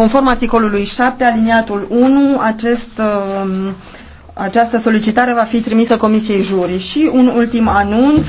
Conform articolului 7, aliniatul 1, acest, um, această solicitare va fi trimisă Comisiei Juri. Și un ultim anunț.